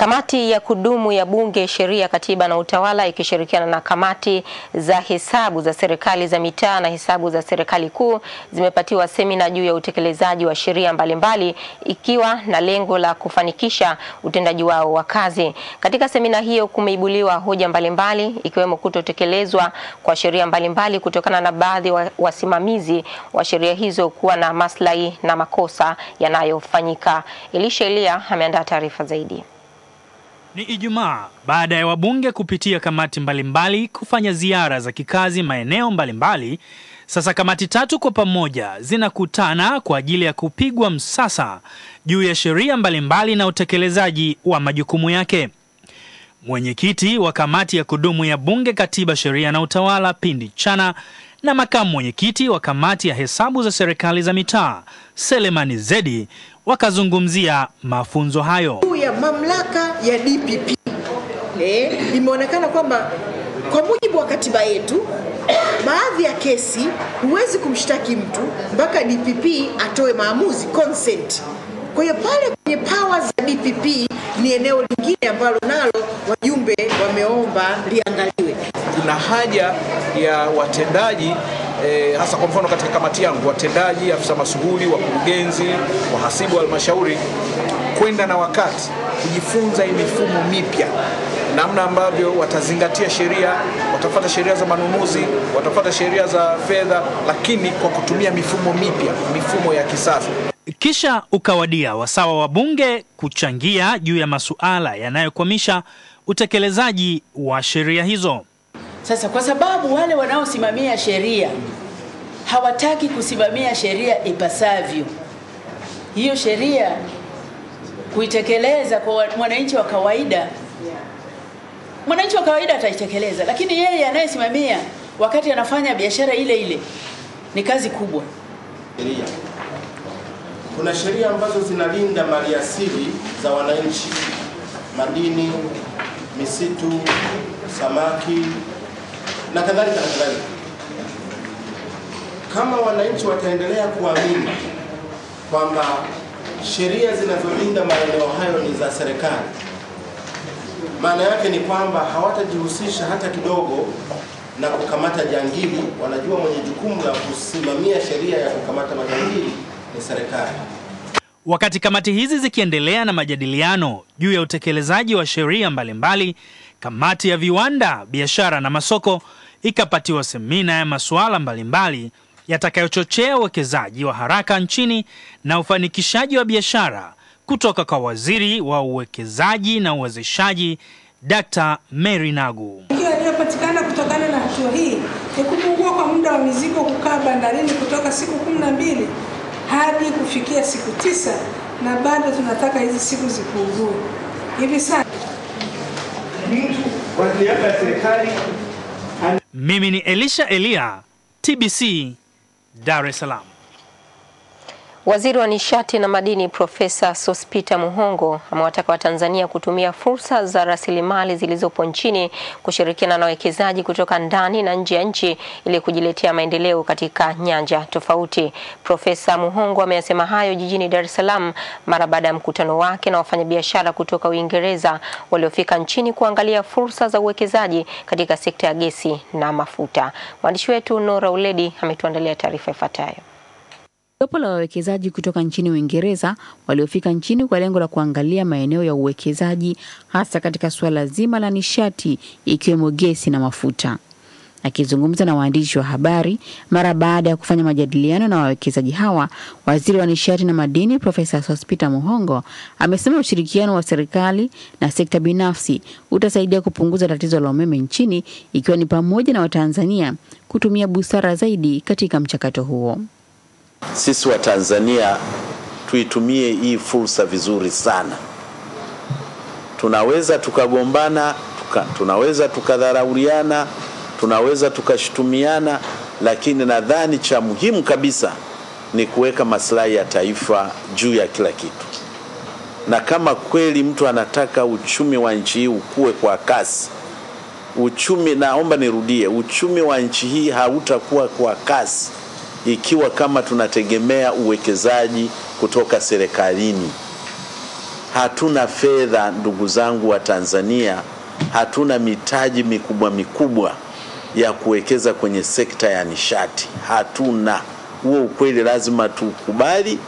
Kamati ya kudumu ya Bunge, Sheria, Katiba na Utawala ikishirikiana na kamati za hesabu za serikali za mitaa na hesabu za serikali kuu zimepatiwa semina juu ya utekelezaji wa sheria mbalimbali ikiwa na lengo la kufanikisha utendaji wao wa kazi. Katika semina hiyo kumeibuliwa hoja mbalimbali ikiwemo kutotekelezwa kwa sheria mbalimbali kutokana na baadhi wa wasimamizi wa sheria hizo kuwa na maslahi na makosa yanayofanyika. Elisha Elia ameandaa taarifa zaidi. Ni Ijumaa baada ya wabunge kupitia kamati mbalimbali mbali, kufanya ziara za kikazi maeneo mbalimbali mbali. Sasa kamati tatu kwa pamoja zinakutana kwa ajili ya kupigwa msasa juu ya sheria mbalimbali na utekelezaji wa majukumu yake. Mwenyekiti wa kamati ya kudumu ya Bunge, Katiba, Sheria na Utawala, Pindi Chana na makamu mwenyekiti wa kamati ya hesabu za serikali za mitaa Selemani Zedi wakazungumzia mafunzo hayo ya mamlaka ya DPP. Eh, imeonekana kwamba kwa mujibu wa katiba yetu baadhi ya kesi huwezi kumshtaki mtu mpaka DPP atoe maamuzi consent. Kwa hiyo pale kwenye powers za DPP ni eneo lingine ambalo nalo wajumbe wameomba lia kuna haja ya watendaji E, hasa kwa mfano katika kamati yangu watendaji, afisa masuhuli, wakurugenzi, wahasibu wa halmashauri kwenda na wakati kujifunza hii mifumo mipya, namna ambavyo watazingatia sheria, watafata sheria za manunuzi, watafata sheria za fedha, lakini kwa kutumia mifumo mipya, mifumo ya kisasa. Kisha ukawadia wasawa wa bunge kuchangia juu ya masuala yanayokwamisha utekelezaji wa sheria hizo. Sasa kwa sababu wale wanaosimamia sheria hawataki kusimamia sheria ipasavyo, hiyo sheria kuitekeleza kwa mwananchi wa kawaida, mwananchi wa kawaida ataitekeleza, lakini yeye anayesimamia wakati anafanya biashara ile ile ni kazi kubwa. Sheria. Kuna sheria ambazo zinalinda mali asili za wananchi, madini, misitu, samaki, na kadhalika na kadhalika. Kama wananchi wataendelea kuamini kwamba sheria zinazolinda maeneo hayo ni za serikali, maana yake ni kwamba hawatajihusisha hata kidogo na kukamata jangili. Wanajua mwenye jukumu la kusimamia sheria ya kukamata majangili ni serikali. Wakati kamati hizi zikiendelea na majadiliano juu ya utekelezaji wa sheria mbalimbali kamati ya viwanda, biashara na masoko ikapatiwa semina ya masuala mbalimbali yatakayochochea uwekezaji wa haraka nchini na ufanikishaji wa biashara kutoka kwa Waziri wa Uwekezaji na Uwezeshaji Dkt. Mary Nagu. Yaliyopatikana kutokana na hatua hii ni kupungua kwa muda wa mizigo kukaa bandarini kutoka siku kumi na mbili hadi kufikia siku tisa na bado tunataka hizi siku zipungue hivi sasa kwa niaba ya serikali. Mimi ni Elisha Elia, TBC, Dar es Salaam. Waziri wa Nishati na Madini Profesa Sospeter Muhongo amewataka Watanzania kutumia fursa za rasilimali zilizopo nchini kushirikiana na wawekezaji kutoka ndani na nje ya nchi ili kujiletea maendeleo katika nyanja tofauti. Profesa Muhongo ameyasema hayo jijini Dar es Salaam mara baada ya mkutano wake na wafanyabiashara kutoka Uingereza waliofika nchini kuangalia fursa za uwekezaji katika sekta ya gesi na mafuta. Mwandishi wetu Nora Uledi ametuandalia taarifa ifuatayo. Jopo la wawekezaji kutoka nchini Uingereza waliofika nchini kwa lengo la kuangalia maeneo ya uwekezaji hasa katika suala zima la nishati ikiwemo gesi na mafuta. Akizungumza na waandishi wa habari mara baada ya kufanya majadiliano na wawekezaji hawa, waziri wa nishati na madini Profesa Sospeter Muhongo amesema ushirikiano wa serikali na sekta binafsi utasaidia kupunguza tatizo la umeme nchini, ikiwa ni pamoja na Watanzania kutumia busara zaidi katika mchakato huo. Sisi wa Tanzania tuitumie hii fursa vizuri sana. Tunaweza tukagombana tuka, tunaweza tukadharauliana, tunaweza tukashutumiana, lakini nadhani cha muhimu kabisa ni kuweka maslahi ya taifa juu ya kila kitu. Na kama kweli mtu anataka uchumi wa nchi hii ukue kwa kasi, uchumi, naomba nirudie, uchumi wa nchi hii hautakuwa kwa kasi ikiwa kama tunategemea uwekezaji kutoka serikalini. Hatuna fedha, ndugu zangu wa Tanzania, hatuna mitaji mikubwa mikubwa ya kuwekeza kwenye sekta ya nishati, hatuna. Huo ukweli lazima tukubali,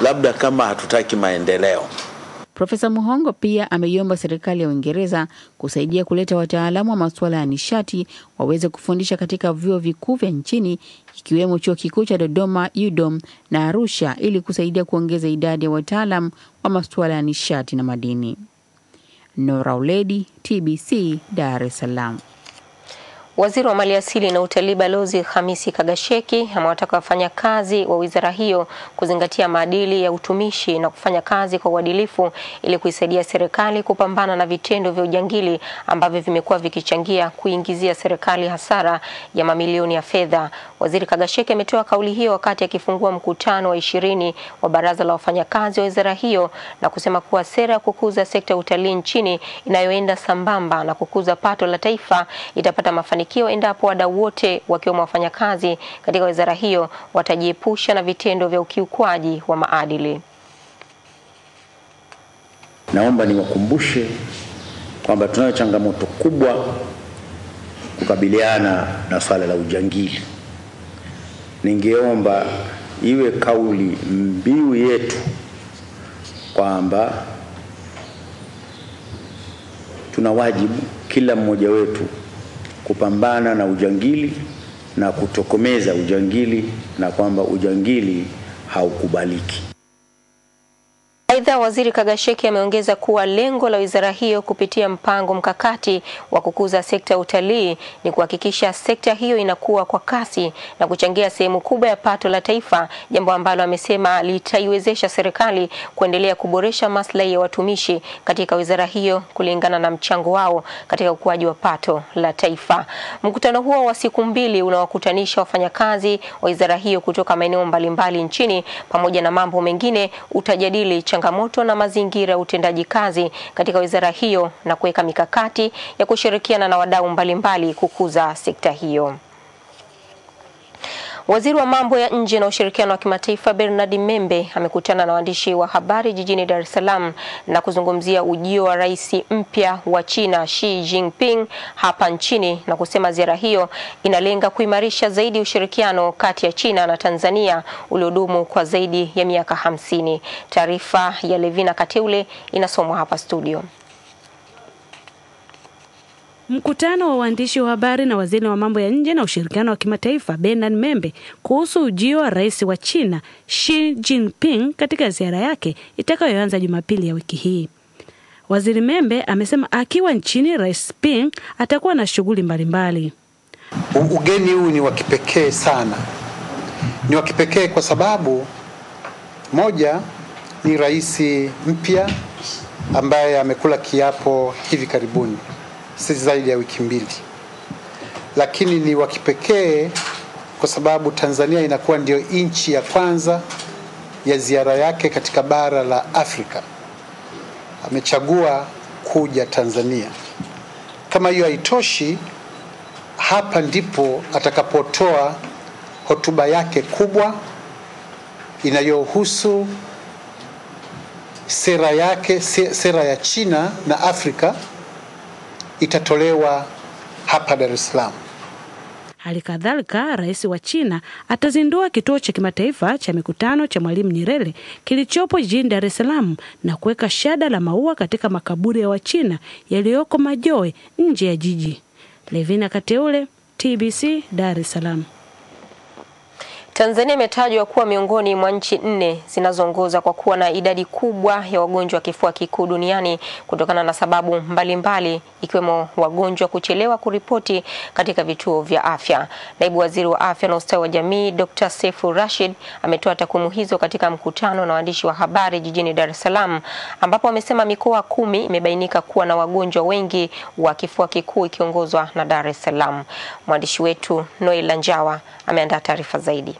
labda kama hatutaki maendeleo. Profesa Muhongo pia ameiomba serikali ya Uingereza kusaidia kuleta wataalamu wa masuala ya nishati waweze kufundisha katika vyuo vikuu vya nchini ikiwemo chuo kikuu cha Dodoma UDOM na Arusha ili kusaidia kuongeza idadi ya wataalamu wa masuala ya nishati na madini. Nora Uledi, TBC, Dar es Salaam. Waziri wa Maliasili na Utalii Balozi Hamisi Kagasheki amewataka wafanyakazi wa wizara hiyo kuzingatia maadili ya utumishi na kufanya kazi kwa uadilifu ili kuisaidia serikali kupambana na vitendo vya ujangili ambavyo vimekuwa vikichangia kuingizia serikali hasara ya mamilioni ya fedha. Waziri Kagasheki ametoa kauli hiyo wakati akifungua mkutano wa ishirini wa baraza la wafanyakazi wa wizara hiyo na kusema kuwa sera ya kukuza sekta ya utalii nchini inayoenda sambamba na kukuza pato la taifa itapata mafanikio mafanikio endapo wadau wote wakiwemo wafanyakazi katika wizara hiyo watajiepusha na vitendo vya ukiukwaji wa maadili. Naomba niwakumbushe kwamba tunayo changamoto kubwa kukabiliana na swala la ujangili. Ningeomba iwe kauli mbiu yetu kwamba tuna wajibu kila mmoja wetu kupambana na ujangili na kutokomeza ujangili na kwamba ujangili haukubaliki. Aidha, Waziri Kagasheki ameongeza kuwa lengo la wizara hiyo kupitia mpango mkakati wa kukuza sekta ya utalii ni kuhakikisha sekta hiyo inakuwa kwa kasi na kuchangia sehemu kubwa ya pato la taifa, jambo ambalo amesema litaiwezesha serikali kuendelea kuboresha maslahi ya watumishi katika wizara hiyo kulingana na mchango wao katika ukuaji wa pato la taifa. Mkutano huo wa siku mbili unawakutanisha wafanyakazi wa wizara hiyo kutoka maeneo mbalimbali nchini, pamoja na mambo mengine utajadili changamoto changamoto na mazingira ya utendaji kazi katika wizara hiyo na kuweka mikakati ya kushirikiana na wadau mbalimbali kukuza sekta hiyo. Waziri wa mambo ya nje na ushirikiano wa kimataifa Bernard Membe amekutana na waandishi wa habari jijini Dar es Salaam na kuzungumzia ujio wa rais mpya wa China Xi Jinping hapa nchini na kusema ziara hiyo inalenga kuimarisha zaidi ushirikiano kati ya China na Tanzania uliodumu kwa zaidi ya miaka hamsini. Taarifa ya Levina Kateule inasomwa hapa studio. Mkutano wa waandishi wa habari na waziri wa mambo ya nje na ushirikiano wa kimataifa Bernard Membe kuhusu ujio wa rais wa China Xi Jinping katika ziara yake itakayoanza Jumapili ya wiki hii. Waziri Membe amesema akiwa nchini, Rais Ping atakuwa na shughuli mbalimbali. Ugeni huu ni wa kipekee sana, ni wa kipekee kwa sababu moja, ni rais mpya ambaye amekula kiapo hivi karibuni si zaidi ya wiki mbili, lakini ni wa kipekee kwa sababu Tanzania inakuwa ndio nchi ya kwanza ya ziara yake katika bara la Afrika. Amechagua kuja Tanzania. Kama hiyo haitoshi, hapa ndipo atakapotoa hotuba yake kubwa inayohusu sera yake, sera ya China na Afrika itatolewa hapa Dar es Salaam. Hali kadhalika rais wa China atazindua kituo cha kimataifa cha mikutano cha Mwalimu Nyerere kilichopo jijini Dar es Salaam na kuweka shada la maua katika makaburi ya Wachina yaliyoko Majoe nje ya jiji. Levina Kateule, TBC, Dar es Salaam. Tanzania imetajwa kuwa miongoni mwa nchi nne zinazoongoza kwa kuwa na idadi kubwa ya wagonjwa wa kifua kikuu duniani kutokana na sababu mbalimbali ikiwemo wagonjwa kuchelewa kuripoti katika vituo vya afya. Naibu Waziri wa Afya na Ustawi wa Jamii, Dr. sefu Rashid ametoa takwimu hizo katika mkutano na waandishi wa habari jijini Dar es Salaam ambapo amesema mikoa kumi imebainika kuwa na wagonjwa wengi wa kifua kikuu ikiongozwa na Dar es Salaam. Mwandishi wetu Noel Lanjawa ameandaa taarifa zaidi.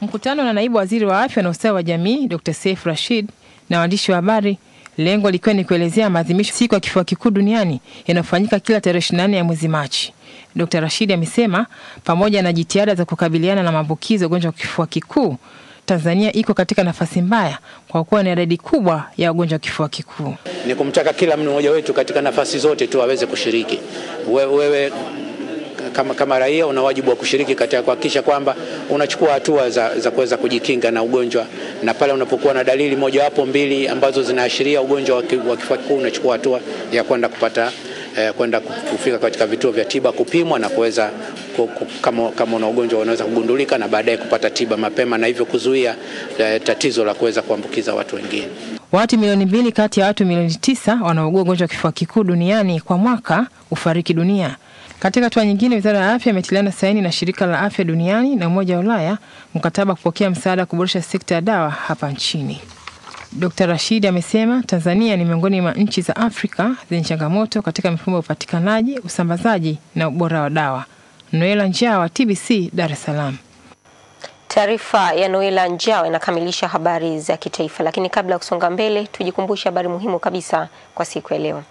Mkutano na naibu waziri wa afya na ustawi wa jamii Dr. Saif Rashid na waandishi wa habari, lengo likiwa ni kuelezea maadhimisho siku ya kifua kikuu duniani yanayofanyika kila tarehe 24 ya mwezi Machi. Dr. Rashid amesema pamoja na jitihada za kukabiliana na maambukizi ya ugonjwa wa kifua kikuu, Tanzania iko katika nafasi mbaya kwa kuwa na idadi kubwa ya wagonjwa wa kifua kikuu. Ni kumtaka kila mmoja wetu katika nafasi zote tu aweze kushiriki. Wewe kama, kama raia una wajibu wa kushiriki katika kuhakikisha kwamba unachukua hatua za, za kuweza kujikinga na ugonjwa, na pale unapokuwa na dalili mojawapo mbili ambazo zinaashiria ugonjwa wa kifua kikuu unachukua hatua ya kwenda kupata eh, kwenda kufika katika vituo vya tiba kupimwa na kuweza kama, kama una ugonjwa unaweza kugundulika na baadaye kupata tiba mapema na hivyo kuzuia eh, tatizo la kuweza kuambukiza watu wengine. Watu milioni mbili kati ya watu milioni tisa wanaougua ugonjwa wa kifua kikuu duniani kwa mwaka hufariki dunia. Katika hatua nyingine, wizara ya afya imetiliana saini na shirika la afya duniani na umoja wa Ulaya mkataba wa kupokea msaada wa kuboresha sekta ya dawa hapa nchini. Dkt Rashid amesema Tanzania ni miongoni mwa nchi za Afrika zenye changamoto katika mifumo ya upatikanaji, usambazaji na ubora wa dawa. Noela Njaa wa TBC, Dar es Salaam. Taarifa ya Noela Njao inakamilisha habari za kitaifa, lakini kabla ya kusonga mbele, tujikumbushe habari muhimu kabisa kwa siku ya leo.